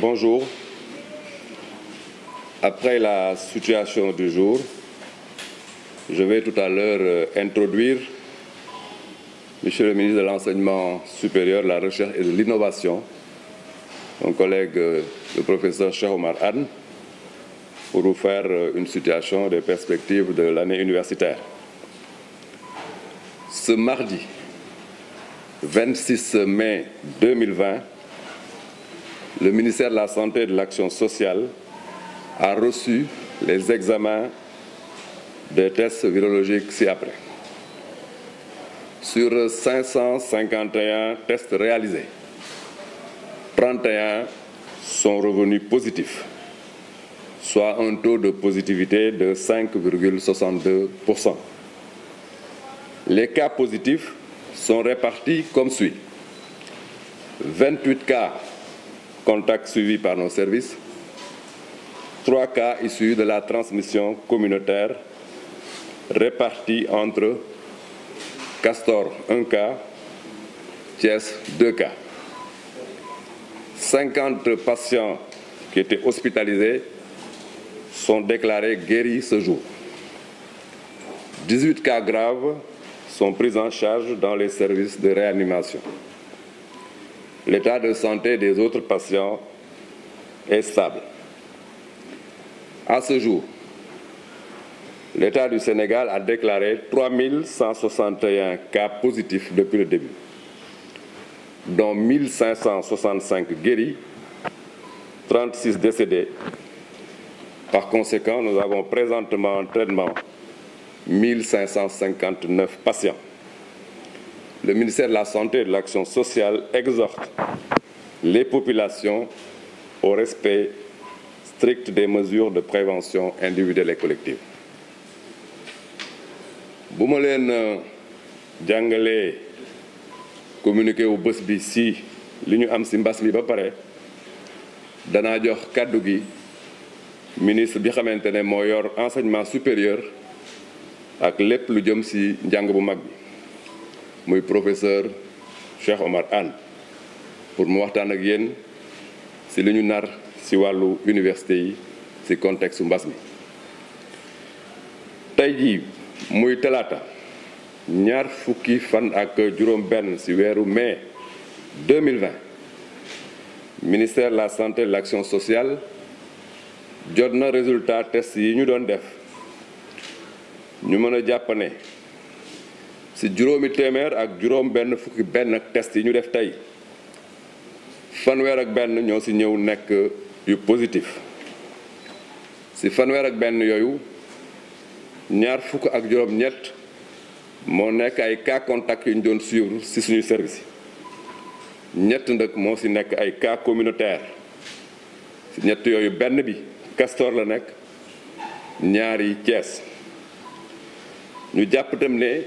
bonjour. Après la situation du jour, je vais tout à l'heure euh, introduire Monsieur le ministre de l'Enseignement supérieur, de la Recherche et de l'Innovation, mon collègue euh, le professeur Cheikh Omar pour vous faire euh, une situation des perspectives de l'année universitaire. Ce mardi 26 mai 2020, le ministère de la Santé et de l'Action sociale a reçu les examens des tests virologiques ci-après. Sur 551 tests réalisés, 31 sont revenus positifs, soit un taux de positivité de 5,62%. Les cas positifs sont répartis comme suit. 28 cas contacts suivis par nos services, trois cas issus de la transmission communautaire répartis entre Castor 1 cas, Thiès 2 cas. 50 patients qui étaient hospitalisés sont déclarés guéris ce jour. 18 cas graves sont pris en charge dans les services de réanimation l'état de santé des autres patients est stable. À ce jour, l'État du Sénégal a déclaré 3161 cas positifs depuis le début, dont 1565 guéris, 36 décédés. Par conséquent, nous avons présentement en traitement 1559 patients le ministère de la Santé et de l'Action sociale exhorte les populations au respect strict des mesures de prévention individuelle et collective. bu ma leen euh, jàngalee communiqué au bés bi si li ñu am si mbas mi ba pare danaa jox ministre bi l'Enseignement supérieur ak lépp lu jëm si njàng bu mag le professeur Cheikh Omar Anne pour mu waxtaan ak yéen ci li nar ci wàllu université yi ci contexte mbas mi tey jii muy talaata ñaar fukki fan ak juróom ben ci weeru mai 2020 ministère de la santé et de l'action sociale jot na résultat test yi ñu doon def ñu mën a si juróomi téeméer ak juróom benn fukki benn test yi ñu def tey fanweer ak benn ñoo si ñëw nekk yu positif si fanweer ak benn yooyu ñaar fukk ak juróom ñett moo nekk ay cas contact yu ñu doon suivre ci suñu service ñett ndëkk moo si nekk ay cas communautaire si ñett yooyu benn bi Castor la nekk ñaari cees ñu jàpp ne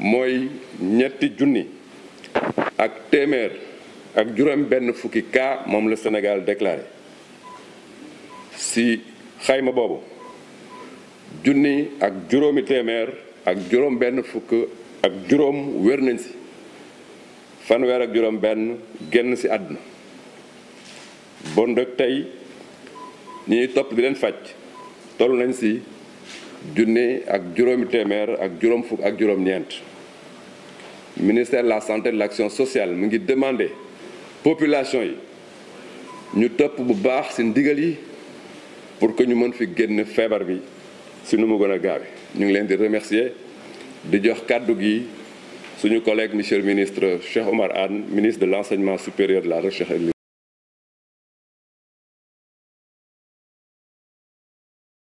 mooy ñetti junni ak téeméer ak juróom benn fukki cas moom la Sénégal déclaré si xayma boobu junni ak juróomi téeméer ak juróom benn fukk ak juróom wér nañ si fanweer ak juróom benn génn si àdduna bon nag tey ñi topp di leen faj toll nañ si Du ak juróomi téeméer ak juróom fukk ak juróom-ñeent ministère de la santé de l'action sociale Nous ngi demandé population yi ñu topp bu baax ci pour que ñu mën fi guen ne bi ci nu mu Nous nous ñu ngi leen di remercier di jox kàddu gi suñu collègue monsieur le ministre Cheikh omar Anne ministre de l'enseignement supérieur de la recherche